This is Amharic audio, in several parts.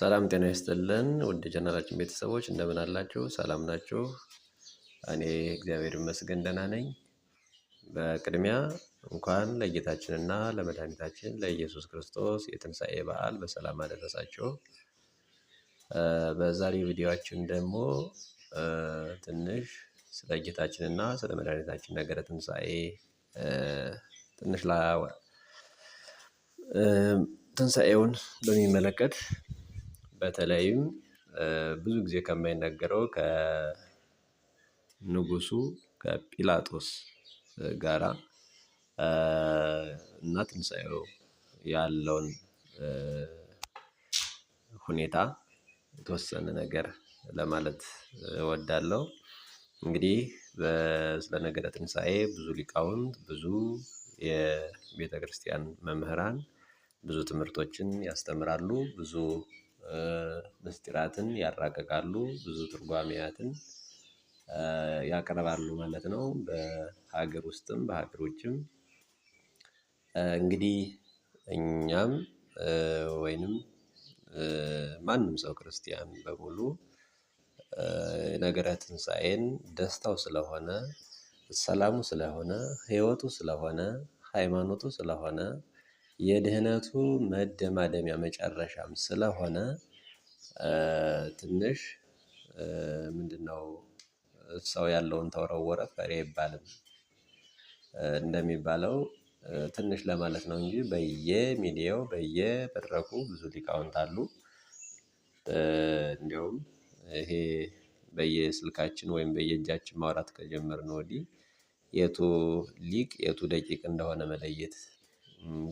ሰላም ጤና ይስጥልን ውድ ጀነራችን ቤተሰቦች እንደምን አላችሁ? ሰላም ናችሁ? እኔ እግዚአብሔር ይመስገን ደህና ነኝ። በቅድሚያ እንኳን ለጌታችንና ለመድኃኒታችን ለኢየሱስ ክርስቶስ የትንሣኤ በዓል በሰላም አደረሳችሁ። በዛሬ ቪዲዮችን ደግሞ ትንሽ ስለ ጌታችንና ስለ መድኃኒታችን ነገረ ትንሣኤ ትንሽ ላ ትንሣኤውን በሚመለከት በተለይም ብዙ ጊዜ ከማይነገረው ከንጉሱ ከጲላጦስ ጋራ እና ትንሳኤው ያለውን ሁኔታ የተወሰነ ነገር ለማለት እወዳለሁ። እንግዲህ ስለ ነገረ ትንሳኤ ብዙ ሊቃውንት ብዙ የቤተክርስቲያን መምህራን ብዙ ትምህርቶችን ያስተምራሉ ብዙ ምስጢራትን ያራቀቃሉ፣ ብዙ ትርጓሜያትን ያቀርባሉ ማለት ነው። በሀገር ውስጥም በሀገር ውጭም እንግዲህ እኛም ወይንም ማንም ሰው ክርስቲያን በሙሉ ነገረ ትንሣኤን ደስታው ስለሆነ፣ ሰላሙ ስለሆነ፣ ሕይወቱ ስለሆነ፣ ሃይማኖቱ ስለሆነ የድህነቱ መደማደሚያ መጨረሻም ስለሆነ ትንሽ ምንድነው ሰው ያለውን ተወረወረ ፈሪ አይባልም እንደሚባለው ትንሽ ለማለት ነው እንጂ በየሚዲያው በየመድረኩ ብዙ ሊቃውንት አሉ። እንዲሁም ይሄ በየስልካችን ወይም በየእጃችን ማውራት ከጀመርን ወዲህ የቱ ሊቅ የቱ ደቂቅ እንደሆነ መለየት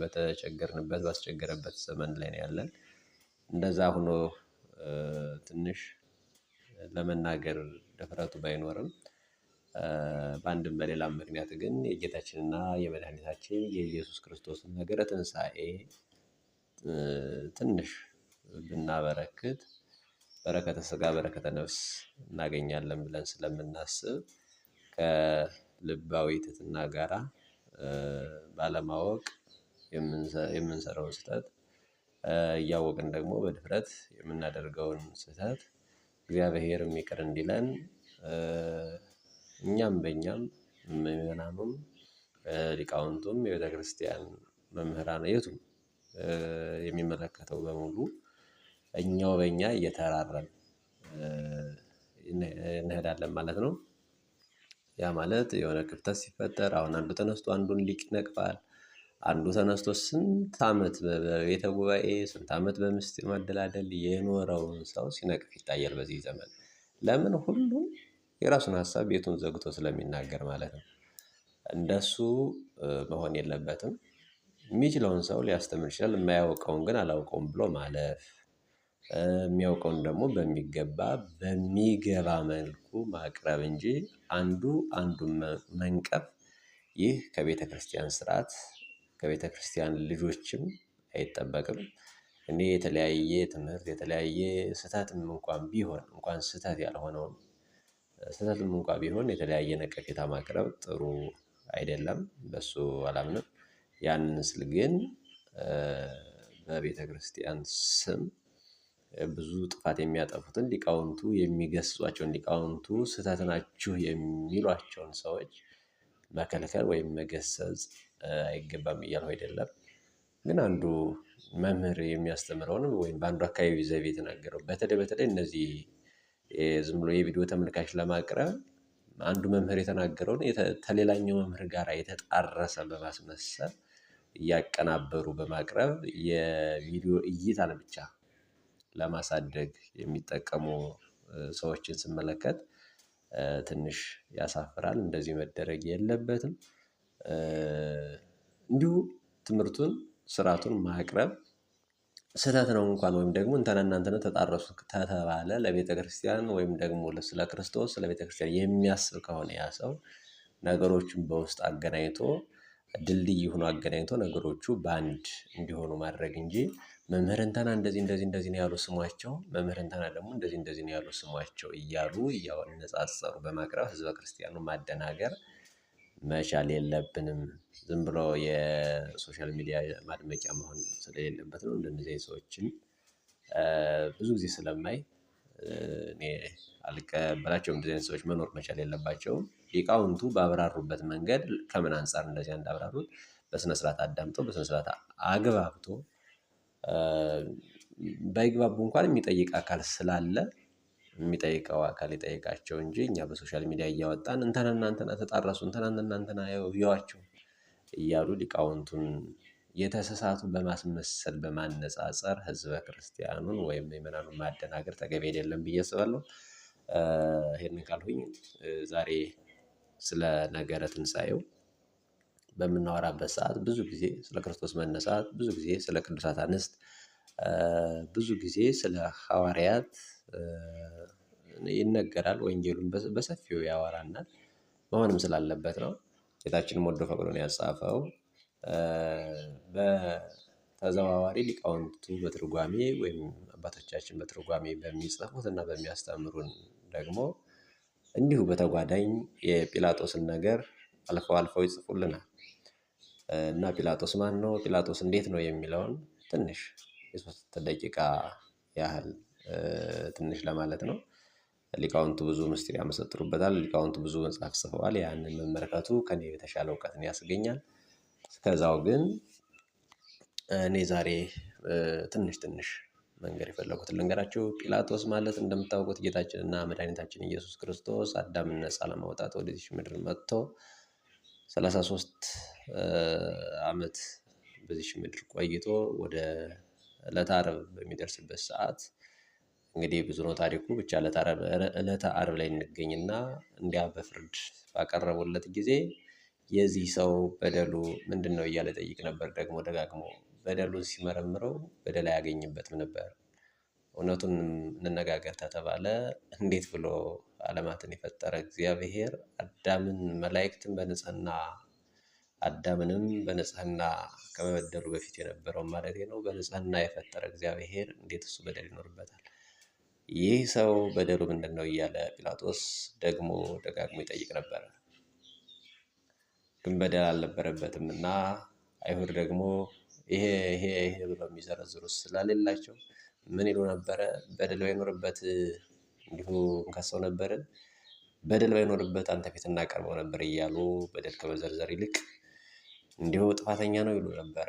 በተቸገርንበት ባስቸገረበት ዘመን ላይ ነው ያለን። እንደዛ ሆኖ ትንሽ ለመናገር ድፍረቱ ባይኖርም በአንድም በሌላም ምክንያት ግን የጌታችንና የመድኃኒታችን የኢየሱስ ክርስቶስን ነገረ ትንሣኤ ትንሽ ብናበረክት በረከተ ስጋ በረከተ ነፍስ እናገኛለን ብለን ስለምናስብ ከልባዊ ትትና ጋራ ባለማወቅ የምንሰራውን ስህተት እያወቅን ደግሞ በድፍረት የምናደርገውን ስህተት እግዚአብሔርም ይቅር እንዲለን እኛም በእኛም ምዕመናኑም ሊቃውንቱም የቤተ ክርስቲያን መምህራን የቱም የሚመለከተው በሙሉ እኛው በእኛ እየተራረን እንሄዳለን ማለት ነው። ያ ማለት የሆነ ክፍተት ሲፈጠር አሁን አንዱ ተነስቶ አንዱን ሊቅ ይነቅፋል አንዱ ተነስቶ ስንት ዓመት በቤተ ጉባኤ ስንት ዓመት በምስጢር መደላደል የኖረውን ሰው ሲነቅፍ ይታያል። በዚህ ዘመን ለምን ሁሉም የራሱን ሀሳብ ቤቱን ዘግቶ ስለሚናገር ማለት ነው። እንደሱ መሆን የለበትም። የሚችለውን ሰው ሊያስተምር ይችላል። የማያውቀውን ግን አላውቀውም ብሎ ማለፍ፣ የሚያውቀውን ደግሞ በሚገባ በሚገባ መልኩ ማቅረብ እንጂ አንዱ አንዱ መንቀፍ ይህ ከቤተ ክርስቲያን ስርዓት ከቤተ ክርስቲያን ልጆችም አይጠበቅም። እኔ የተለያየ ትምህርት የተለያየ ስህተትም እንኳን ቢሆን እንኳን ስህተት ያልሆነውም ስህተትም እንኳን ቢሆን የተለያየ ነቀፌታ ማቅረብ ጥሩ አይደለም በሱ አላምንም። ያንን ስል ግን በቤተክርስቲያን ስም ብዙ ጥፋት የሚያጠፉትን ሊቃውንቱ የሚገስጿቸውን ሊቃውንቱ ስህተት ናችሁ የሚሏቸውን ሰዎች መከልከል ወይም መገሰጽ አይገባም እያልሁ አይደለም። ግን አንዱ መምህር የሚያስተምረውንም ወይም በአንዱ አካባቢ ዘይቤ የተናገረው በተለይ በተለይ እነዚህ ዝም ብሎ የቪዲዮ ተመልካች ለማቅረብ አንዱ መምህር የተናገረውን ከሌላኛው መምህር ጋር የተጣረሰ በማስመሰል እያቀናበሩ በማቅረብ የቪዲዮ እይታን ብቻ ለማሳደግ የሚጠቀሙ ሰዎችን ስመለከት ትንሽ ያሳፍራል። እንደዚህ መደረግ የለበትም። እንዲሁ ትምህርቱን ስርዓቱን ማቅረብ ስህተት ነው እንኳን ወይም ደግሞ እንተና እናንተነ ተጣረሱ ተተባለ ለቤተ ክርስቲያን ወይም ደግሞ ስለ ክርስቶስ ስለ ቤተ ክርስቲያን የሚያስብ ከሆነ ያ ሰው ነገሮችን በውስጥ አገናኝቶ ድልድይ ሆኖ አገናኝቶ ነገሮቹ በአንድ እንዲሆኑ ማድረግ እንጂ መምህርንተና እንደዚህ እንደዚህ እንደዚህ ነው ያሉ ስሟቸው፣ መምህርንተና እንተና ደግሞ እንደዚህ እንደዚህ ነው ያሉ ስሟቸው እያሉ እያነጻጸሩ በማቅረብ ህዝበ ክርስቲያኑ ማደናገር መቻል የለብንም። ዝም ብሎ የሶሻል ሚዲያ ማድመቂያ መሆን ስለሌለበት ነው። እንደነዚህ ሰዎችን ብዙ ጊዜ ስለማይ እኔ አልቀበላቸውም። እንደዚህ አይነት ሰዎች መኖር መቻል የለባቸውም። ሊቃውንቱ ባብራሩበት መንገድ ከምን አንጻር እንደዚያ እንዳብራሩት በስነስርዓት አዳምጦ በስነስርዓት አግባብቶ በይግባቡ እንኳን የሚጠይቅ አካል ስላለ የሚጠይቀው አካል ይጠይቃቸው እንጂ እኛ በሶሻል ሚዲያ እያወጣን እንተና እናንተና ተጣረሱ እንተና እናንተና ይዋቸው እያሉ ሊቃውንቱን የተሳሳቱ በማስመሰል በማነጻጸር ህዝበ ክርስቲያኑን ወይም ምዕመናኑን ማደናገር ተገቢ አይደለም ብዬ አስባለሁ። ይህንን ካልሁኝ ዛሬ ስለ ነገረ ትንሣኤው በምናወራበት ሰዓት ብዙ ጊዜ ስለ ክርስቶስ መነሳት፣ ብዙ ጊዜ ስለ ቅዱሳት አንስት፣ ብዙ ጊዜ ስለ ሐዋርያት ይነገራል። ወንጌሉን በሰፊው ያወራናል። መሆንም ስላለበት ነው። ጌታችንም ወዶ ፈቅዶን ያጻፈው በተዘዋዋሪ ሊቃውንቱ በትርጓሜ ወይም አባቶቻችን በትርጓሜ በሚጽፉት እና በሚያስተምሩን ደግሞ እንዲሁ በተጓዳኝ የጲላጦስን ነገር አልፈው አልፈው ይጽፉልናል። እና ጲላጦስ ማን ነው? ጲላጦስ እንዴት ነው የሚለውን ትንሽ የሶስት ደቂቃ ያህል ትንሽ ለማለት ነው። ሊቃውንቱ ብዙ ምስጢር ያመሰጥሩበታል። ሊቃውንቱ ብዙ መጽሐፍ ጽፈዋል። ያንን መመልከቱ ከኔ የተሻለ እውቀትን ያስገኛል። እስከዛው ግን እኔ ዛሬ ትንሽ ትንሽ መንገድ የፈለጉት ልንገራችሁ። ጲላጦስ ማለት እንደምታውቁት ጌታችንና መድኃኒታችን ኢየሱስ ክርስቶስ አዳምን ነፃ ለማውጣት ወደዚች ምድር መጥቶ ሰላሳ ሶስት አመት በዚች ምድር ቆይቶ ወደ ዕለተ አርብ በሚደርስበት ሰዓት እንግዲህ ብዙ ነው ታሪኩ። ብቻ ዕለተ አርብ ላይ እንገኝና እንዲያ በፍርድ ባቀረቡለት ጊዜ የዚህ ሰው በደሉ ምንድን ነው እያለ ጠይቅ ነበር። ደግሞ ደጋግሞ በደሉን ሲመረምረው በደል አያገኝበትም ነበር። እውነቱን እንነጋገር ተተባለ እንዴት ብሎ ዓለማትን የፈጠረ እግዚአብሔር አዳምን መላእክትን በንጽህና አዳምንም በንጽህና ከመበደሉ በፊት የነበረው ማለት ነው በንጽህና የፈጠረ እግዚአብሔር እንዴት እሱ በደል ይኖርበታል? ይህ ሰው በደሉ ምንድን ነው እያለ ጲላጦስ ደግሞ ደጋግሞ ይጠይቅ ነበረ። ግን በደል አልነበረበትም እና አይሁድ ደግሞ ይሄ ይሄ ይሄ ብለው የሚዘረዝሩት ስላሌላቸው ምን ይሉ ነበረ? በደል ባይኖርበት እንዲሁ እንከሰው ነበር በደል ባይኖርበት አንተ ፊት እናቀርበው ነበር እያሉ በደል ከመዘርዘር ይልቅ እንዲሁ ጥፋተኛ ነው ይሉ ነበረ።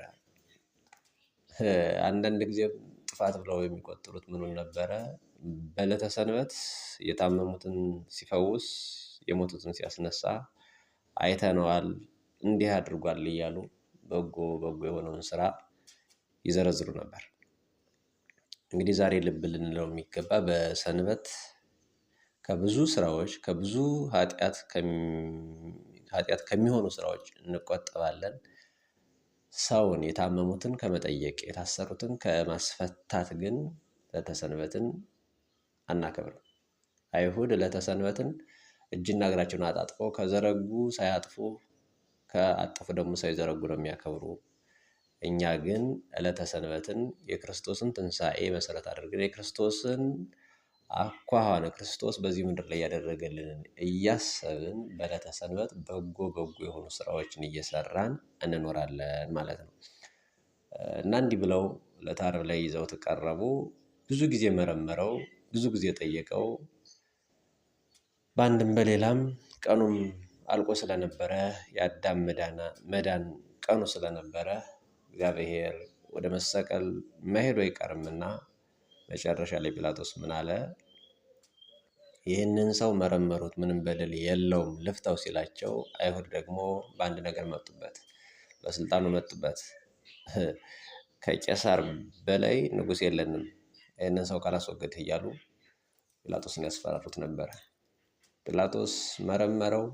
አንዳንድ ጊዜ ጥፋት ብለው የሚቆጥሩት ምኑን ነበረ? በዕለተ ሰንበት የታመሙትን ሲፈውስ የሞቱትን ሲያስነሳ አይተነዋል፣ እንዲህ አድርጓል እያሉ በጎ በጎ የሆነውን ስራ ይዘረዝሩ ነበር። እንግዲህ ዛሬ ልብ ልንለው የሚገባ በሰንበት ከብዙ ስራዎች ከብዙ ኃጢአት ከሚሆኑ ስራዎች እንቆጠባለን። ሰውን የታመሙትን ከመጠየቅ የታሰሩትን ከማስፈታት ግን ለተሰንበትን አናከብርም። አይሁድ ለተሰንበትን እጅና እግራቸውን አጣጥፎ ከዘረጉ ሳያጥፉ ከአጠፉ ደግሞ ሳይዘረጉ ነው የሚያከብሩ። እኛ ግን ዕለተ ሰንበትን የክርስቶስን ትንሣኤ መሰረት አድርገን የክርስቶስን አኳኋን ክርስቶስ በዚህ ምድር ላይ ያደረገልንን እያሰብን በዕለተ ሰንበት በጎ በጎ የሆኑ ስራዎችን እየሰራን እንኖራለን ማለት ነው እና እንዲህ ብለው ለታርብ ላይ ይዘው ተቀረቡ። ብዙ ጊዜ መረመረው፣ ብዙ ጊዜ ጠየቀው። በአንድም በሌላም ቀኑም አልቆ ስለነበረ የአዳም መዳን ቀኑ ስለነበረ እግዚአብሔር ወደ መሰቀል መሄዱ አይቀርምና መጨረሻ ላይ ጲላጦስ ምን አለ? ይህንን ሰው መረመሩት፣ ምንም በደል የለውም ልፍተው ሲላቸው፣ አይሁድ ደግሞ በአንድ ነገር መጡበት፣ በስልጣኑ መጡበት። ከቄሳር በላይ ንጉሥ የለንም ይህንን ሰው ካላስወገድህ እያሉ ጲላጦስን ያስፈራሩት ነበረ። ጲላጦስ መረመረው፣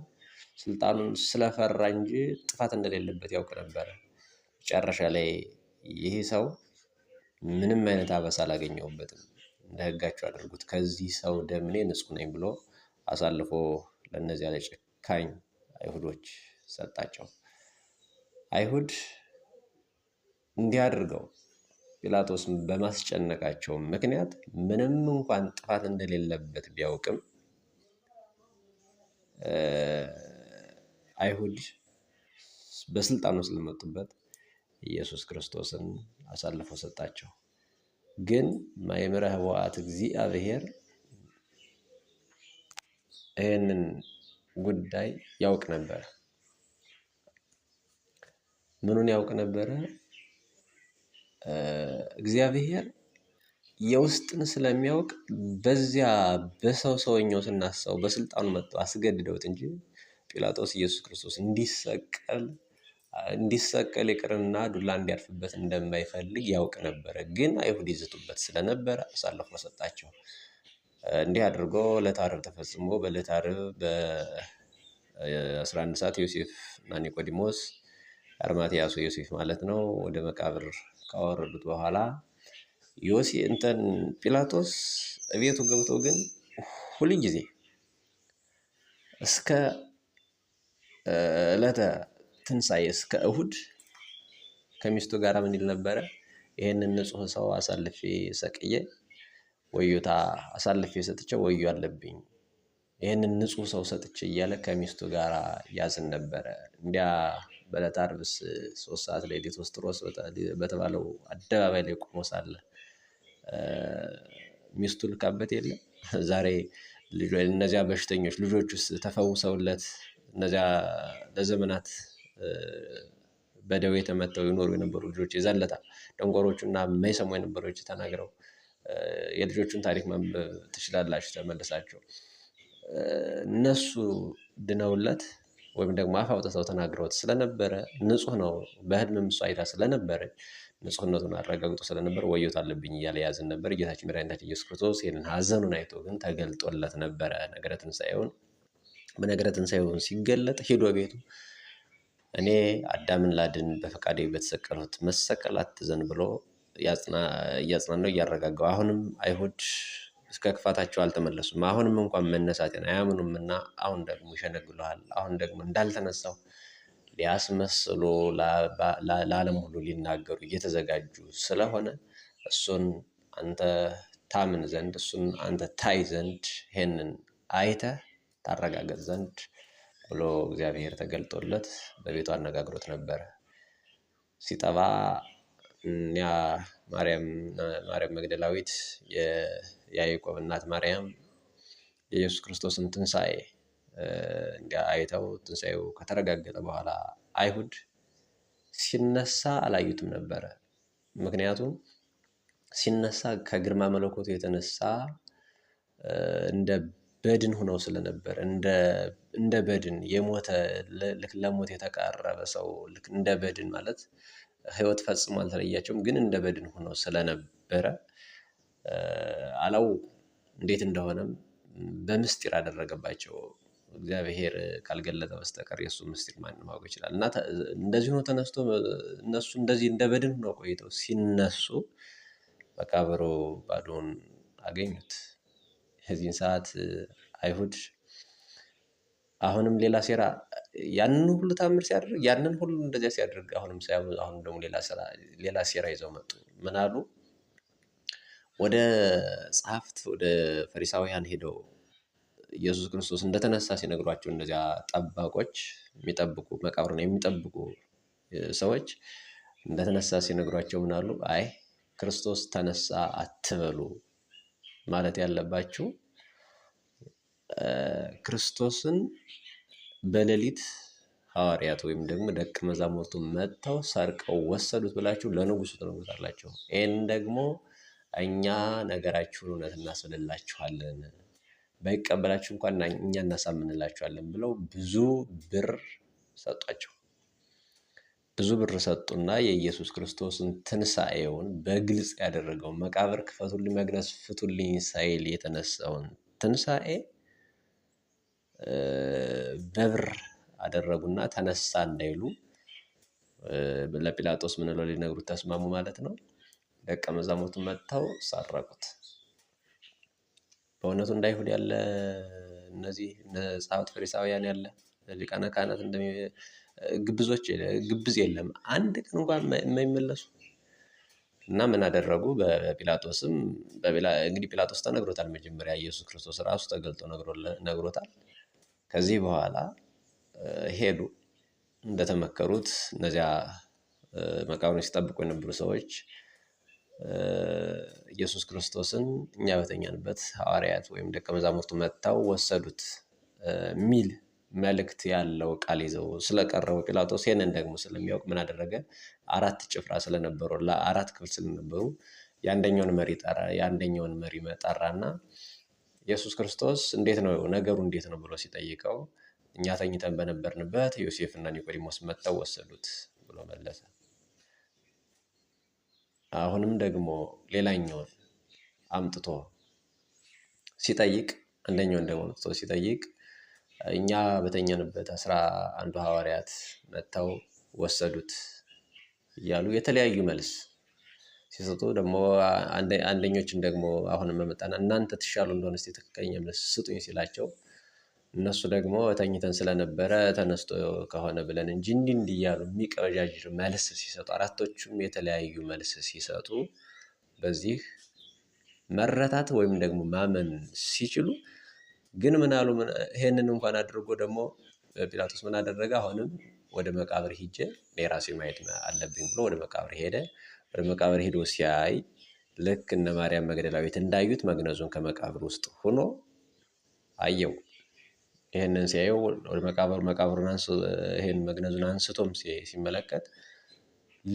ስልጣኑን ስለፈራ እንጂ ጥፋት እንደሌለበት ያውቅ ነበረ። መጨረሻ ላይ ይህ ሰው ምንም አይነት አበሳ አላገኘሁበትም፣ እንደ ህጋቸው አድርጉት፣ ከዚህ ሰው ደም እኔ ነኝ ብሎ አሳልፎ ለእነዚያ ለጨካኝ አይሁዶች ሰጣቸው። አይሁድ እንዲህ አድርገው ጲላጦስ በማስጨነቃቸው ምክንያት ምንም እንኳን ጥፋት እንደሌለበት ቢያውቅም አይሁድ በስልጣኑ ስለመጡበት ኢየሱስ ክርስቶስን አሳልፎ ሰጣቸው። ግን መይምረ ህወሓት እግዚአብሔር ይህንን ጉዳይ ያውቅ ነበረ። ምኑን ያውቅ ነበረ? እግዚአብሔር የውስጥን ስለሚያውቅ በዚያ በሰው ሰውኛው ስናሳው በስልጣኑ መጥቶ አስገድደውት እንጂ ጲላጦስ ኢየሱስ ክርስቶስ እንዲሰቀል እንዲሰቀል ይቅርና ዱላ እንዲያርፍበት እንደማይፈልግ ያውቅ ነበረ። ግን አይሁድ ይዝቱበት ስለነበረ አሳልፎ ሰጣቸው። እንዲህ አድርጎ ዕለተ ዓርብ ተፈጽሞ በዕለተ ዓርብ በ11 ሰዓት ዮሴፍ እና ኒቆዲሞስ አርማትያሱ ዮሴፍ ማለት ነው ወደ መቃብር ካወረዱት በኋላ ዮሴ እንትን ጲላጦስ ቤቱ ገብቶ ግን ሁልጊዜ እስከ ዕለተ ትንሣኤ እስከ እሁድ ከሚስቱ ጋር ምን ይል ነበረ? ይህንን ንጹሕ ሰው አሳልፌ ሰቅዬ ወዮታ አሳልፌ ሰጥቼው ወዮ አለብኝ ይህንን ንጹሕ ሰው ሰጥቼ እያለ ከሚስቱ ጋር ያዝን ነበረ። እንዲያ በዕለተ ዓርብስ ሶስት ሰዓት ላይ ሌቶስትሮስ በተባለው አደባባይ ላይ ቆሞ ሳለ ሚስቱ ልካበት የለ ዛሬ እነዚያ በሽተኞች ልጆቹስ ተፈውሰውለት እነዚያ ለዘመናት በደዌ ተመተው ይኖሩ የነበሩ ልጆች የዘለታ ደንቆሮቹና የማይሰሙ የነበሮች ተናግረው የልጆቹን ታሪክ ማንበብ ትችላላችሁ ተመልሳቸው እነሱ ድነውለት ወይም ደግሞ አፍ አውጥተው ተናግረውት ስለነበረ ንጹህ ነው። በህልምም እሷ አይታ ስለነበረች ንጹህነቱን አረጋግጦ ስለነበር ወዮት አለብኝ እያለ ያዝን ነበር። ጌታችን መድኃኒታችን ኢየሱስ ክርስቶስ ይህንን ሀዘኑን አይቶ ግን ተገልጦለት ነበረ። ነገረ ትንሳኤውን። በነገረ ትንሳኤውን ሲገለጥ ሂዶ ቤቱ እኔ አዳምን ላድን በፈቃዴ በተሰቀሉት መሰቀል አትዘን ብሎ እያጽናነው እያረጋጋው አሁንም አይሁድ እስከ ክፋታቸው አልተመለሱም። አሁንም እንኳን መነሳቴን አያምኑምና አሁን ደግሞ ይሸነግሉሃል። አሁን ደግሞ እንዳልተነሳው ሊያስመስሉ ለዓለም ሁሉ ሊናገሩ እየተዘጋጁ ስለሆነ እሱን አንተ ታምን ዘንድ እሱን አንተ ታይ ዘንድ ይሄንን አይተህ ታረጋገጥ ዘንድ ብሎ እግዚአብሔር ተገልጦለት በቤቱ አነጋግሮት ነበረ። ሲጠባ እኒያ ማርያም መግደላዊት፣ የያዕቆብ እናት ማርያም የኢየሱስ ክርስቶስን ትንሣኤ እንዲያ አይተው ትንሣኤው ከተረጋገጠ በኋላ አይሁድ ሲነሳ አላዩትም ነበረ። ምክንያቱም ሲነሳ ከግርማ መለኮቱ የተነሳ እንደ በድን ሆነው ስለነበር እንደ እንደ በድን የሞተ ልክ ለሞት የተቃረበ ሰው ልክ እንደ በድን ማለት ህይወት ፈጽሞ አልተለያቸውም፣ ግን እንደ በድን ሆነው ስለነበረ አላው እንዴት እንደሆነም በምስጢር አደረገባቸው። እግዚአብሔር ካልገለጠ በስተቀር የእሱ ምስጢር ማን ማወቅ ይችላል? እና እንደዚህ ሆኖ ተነስቶ እነሱ እንደዚህ እንደ በድን ሆነው ቆይተው ሲነሱ መቃብሩ ባዶን አገኙት። የዚህን ሰዓት አይሁድ አሁንም ሌላ ሴራ ያንን ሁሉ ታምር ሲያደርግ ያንን ሁሉ እንደዚያ ሲያደርግ አሁንም ሳያብዙ አሁንም ደግሞ ሌላ ሴራ ይዘው መጡ። ምን አሉ? ወደ ጸሐፍት ወደ ፈሪሳውያን ሄደው ኢየሱስ ክርስቶስ እንደተነሳ ሲነግሯቸው እነዚያ ጠባቆች የሚጠብቁ መቃብሩን የሚጠብቁ ሰዎች እንደተነሳ ሲነግሯቸው ምን አሉ? አይ ክርስቶስ ተነሳ አትበሉ ማለት ያለባችሁ ክርስቶስን በሌሊት ሐዋርያት ወይም ደግሞ ደቀ መዛሙርቱ መጥተው ሰርቀው ወሰዱት ብላችሁ ለንጉሱ ትነግሩታላችሁ። ይህን ደግሞ እኛ ነገራችሁን እውነት እናስብልላችኋለን፣ ባይቀበላችሁ እንኳን እኛ እናሳምንላችኋለን ብለው ብዙ ብር ሰጧቸው። ብዙ ብር ሰጡና የኢየሱስ ክርስቶስን ትንሣኤውን በግልጽ ያደረገውን መቃብር ክፈቱልኝ፣ መግነዝ ፍቱልኝ ሳይል የተነሳውን ትንሣኤ በብር አደረጉና ተነሳ እንዳይሉ ለጲላጦስ ምንለው ሊነግሩት ተስማሙ ማለት ነው። ደቀ መዛሙርቱ መጥተው ሳረቁት። በእውነቱ እንዳይሁድ ያለ እነዚህ ጸሐፍት ፈሪሳውያን ያለ ሊቃነ ካህናት ግብዞች ግብዝ የለም አንድ ቀን እንኳን የማይመለሱ እና ምን አደረጉ? በጲላጦስም እንግዲህ ጲላጦስ ተነግሮታል። መጀመሪያ ኢየሱስ ክርስቶስ ራሱ ተገልጦ ነግሮታል። ከዚህ በኋላ ሄዱ እንደተመከሩት እነዚያ መቃብሩን ሲጠብቁ የነበሩ ሰዎች ኢየሱስ ክርስቶስን እኛ በተኛንበት ሐዋርያት ወይም ደቀ መዛሙርቱ መጥተው ወሰዱት ሚል መልእክት ያለው ቃል ይዘው ስለቀረቡ ጲላጦስ ይህንን ደግሞ ስለሚያውቅ ምን አደረገ? አራት ጭፍራ ስለነበሩ ለአራት ክፍል ስለነበሩ የአንደኛውን መሪ ጠራ። የአንደኛውን መሪ መጠራና ኢየሱስ ክርስቶስ እንዴት ነው ነገሩ እንዴት ነው ብሎ ሲጠይቀው እኛ ተኝተን በነበርንበት ዮሴፍና ኒቆዲሞስ መጥተው ወሰዱት ብሎ መለሰ። አሁንም ደግሞ ሌላኛውን አምጥቶ ሲጠይቅ አንደኛውን ደግሞ አምጥቶ ሲጠይቅ እኛ በተኛንበት አስራ አንዱ ሐዋርያት መጥተው ወሰዱት እያሉ የተለያዩ መልስ ሲሰጡ ደግሞ አንደኞችን ደግሞ አሁን መመጣና እናንተ ትሻሉ እንደሆነ ስ ትክክለኛ መልስ ስጡኝ ሲላቸው እነሱ ደግሞ ተኝተን ስለነበረ ተነስቶ ከሆነ ብለን እንጂ እንዲ እንዲህ እያሉ የሚቀበጃጅር መልስ ሲሰጡ አራቶቹም የተለያዩ መልስ ሲሰጡ በዚህ መረታት ወይም ደግሞ ማመን ሲችሉ ግን ምናሉ ይሄንን እንኳን አድርጎ ደግሞ ጲላጦስ ምን አደረገ? አሁንም ወደ መቃብር ሂጄ እኔ ራሴ ማየት አለብኝ ብሎ ወደ መቃብር ሄደ። ወደ መቃብር ሄዶ ሲያይ ልክ እነ ማርያም መግደላዊት እንዳዩት መግነዙን ከመቃብር ውስጥ ሆኖ አየው። ይህንን ሲያየው ወደ መቃብር መቃብሩን ይህን መግነዙን አንስቶም ሲመለከት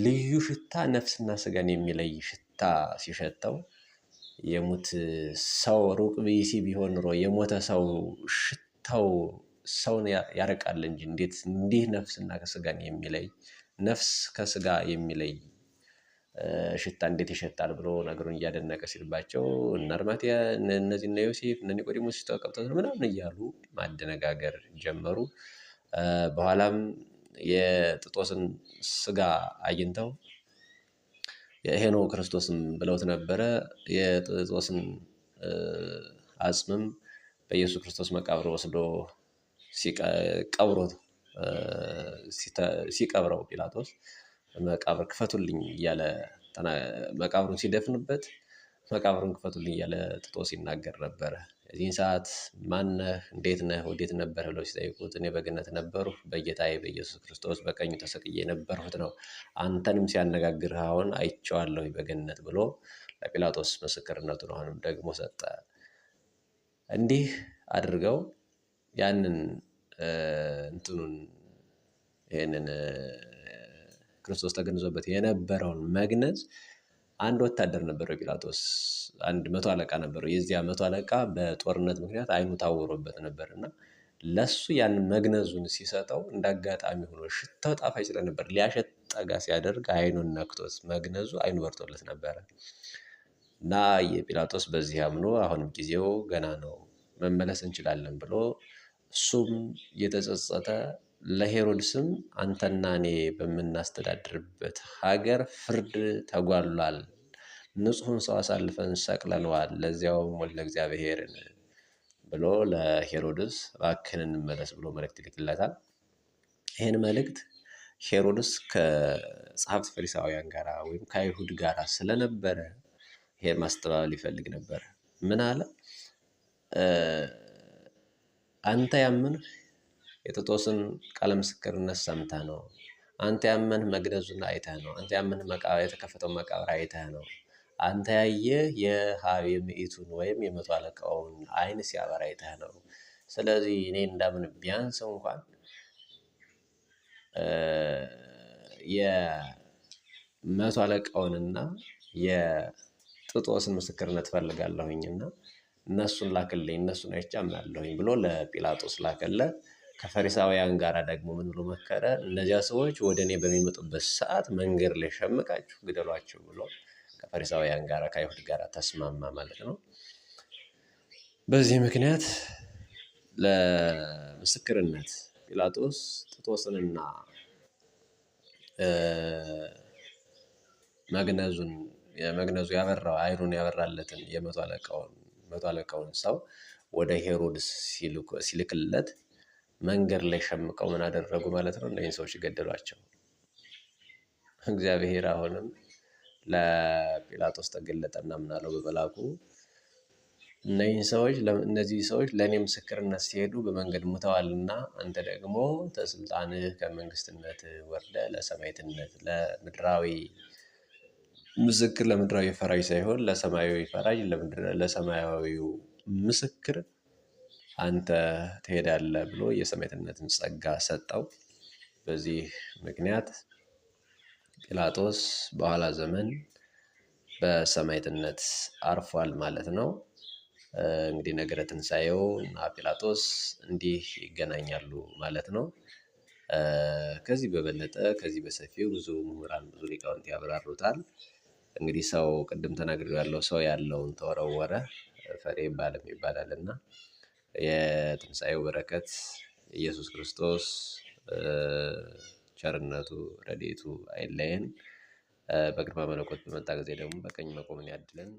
ልዩ ሽታ ነፍስና ስጋን የሚለይ ሽታ ሲሸተው የሙት ሰው ሩቅ ብእሲ ቢሆን ኑሮ የሞተ ሰው ሽታው ሰውን ያርቃል እንጂ እንዴት እንዲህ ነፍስና ከስጋን የሚለይ ነፍስ ከስጋ የሚለይ ሽታ እንዴት ይሸጣል ብሎ ነገሩን እያደነቀ ሲልባቸው እነ አርማትያ እነዚህ እነ ዮሴፍ እነ ኒቆዲሞስ ሲተቀብጠት ምናምን እያሉ ማደነጋገር ጀመሩ። በኋላም የጥጦስን ስጋ አግኝተው ሄኖ ክርስቶስም ብለውት ነበረ። የጥጦስን አጽምም በኢየሱስ ክርስቶስ መቃብር ወስዶ ቀብሮት ሲቀብረው ጲላጦስ መቃብር ክፈቱልኝ እያለ መቃብሩን ሲደፍንበት መቃብሩን ክፈቱልኝ እያለ ጥጦስ ይናገር ነበረ። በዚህን ሰዓት ማን ነህ እንዴት ነህ ወዴት ነበር ብለው ሲጠይቁት እኔ በገነት ነበርሁ በጌታዬ በኢየሱስ ክርስቶስ በቀኙ ተሰቅዬ የነበርሁት ነው። አንተንም ሲያነጋግርህ አሁን አይቼዋለሁ በገነት ብሎ ለጲላጦስ ምስክርነቱን አሁንም ደግሞ ሰጠ። እንዲህ አድርገው ያንን እንትኑን ይህንን ክርስቶስ ተገንዞበት የነበረውን መግነዝ አንድ ወታደር ነበረው ጲላጦስ አንድ መቶ አለቃ ነበረው። የዚያ መቶ አለቃ በጦርነት ምክንያት አይኑ ታወሮበት ነበር እና ለሱ ያን መግነዙን ሲሰጠው እንዳጋጣሚ አጋጣሚ ሆኖ ሽታው ጣፋጭ ስለነበር ሊያሸት ጠጋ ሲያደርግ አይኑን ነክቶት መግነዙ አይኑ በርቶለት ነበረ እና የጲላጦስ በዚህ አምኖ አሁንም ጊዜው ገና ነው መመለስ እንችላለን ብሎ እሱም የተጸጸተ ለሄሮድስም አንተና እኔ በምናስተዳድርበት ሀገር ፍርድ ተጓሏል፣ ንጹሕን ሰው አሳልፈን ሰቅለነዋል፣ ለዚያውም ወልደ እግዚአብሔርን ብሎ ለሄሮድስ እባክህን እንመለስ ብሎ መልእክት ይልክለታል። ይህን መልእክት ሄሮድስ ከጸሐፍት ፈሪሳውያን ጋር ወይም ከአይሁድ ጋር ስለነበረ ይሄን ማስተባበል ይፈልግ ነበር። ምን አለ? አንተ ያምንህ የጥጦስን ቃለ ምስክርነት ሰምተህ ነው። አንተ ያመንህ መግነዙን አይተህ ነው። አንተ ያመንህ የተከፈተው መቃብር አይተህ ነው። አንተ ያየ የሀብ የምዕቱን ወይም የመቶ አለቃውን አይን ሲያበራ አይተህ ነው። ስለዚህ እኔ እንዳምን ቢያንስ እንኳን የመቶ አለቃውንና የጥጦስን ምስክርነት ፈልጋለሁኝና እነሱን ላክልኝ፣ እነሱን አይቻምናለሁኝ ብሎ ለጲላጦስ ላከለት። ከፈሪሳውያን ጋር ደግሞ ምን ብሎ መከረ? እነዚያ ሰዎች ወደ እኔ በሚመጡበት ሰዓት መንገድ ላይ ሸምቃችሁ ግደሏቸው ብሎ ከፈሪሳውያን ጋር ከአይሁድ ጋር ተስማማ ማለት ነው። በዚህ ምክንያት ለምስክርነት ጲላጦስ ጥጦስንና መግነዙን መግነዙ ያበራው አይኑን ያበራለትን የመቶ አለቃውን ሰው ወደ ሄሮድስ ሲልክለት መንገድ ላይ ሸምቀው ምን አደረጉ ማለት ነው? እነዚህን ሰዎች ገደሏቸው። እግዚአብሔር አሁንም ለጲላጦስ ተገለጠና ምናለው በመላኩ እነዚህን ሰዎች እነዚህ ሰዎች ለእኔ ምስክርነት ሲሄዱ በመንገድ ሙተዋልና አንተ ደግሞ ተስልጣንህ ከመንግስትነት ወርደ ለሰማይትነት ለምድራዊ ምስክር ለምድራዊ ፈራጅ ሳይሆን ለሰማያዊ ፈራጅ ለሰማያዊው ምስክር አንተ ትሄዳለህ ብሎ የሰማዕትነትን ጸጋ ሰጠው። በዚህ ምክንያት ጲላጦስ በኋላ ዘመን በሰማዕትነት አርፏል ማለት ነው። እንግዲህ ነገረ ትንሣኤው እና ጲላጦስ እንዲህ ይገናኛሉ ማለት ነው። ከዚህ በበለጠ ከዚህ በሰፊው ብዙ ምሁራን ብዙ ሊቃውንት ያብራሩታል። እንግዲህ ሰው ቅድም ያለው ሰው ያለውን ተወረወረ ፈሬ ባለም ይባላል እና የትንሣኤው በረከት ኢየሱስ ክርስቶስ ቸርነቱ ረድኤቱ አይለየን። በግርማ መለኮት በመጣ ጊዜ ደግሞ በቀኝ መቆምን ያድለን።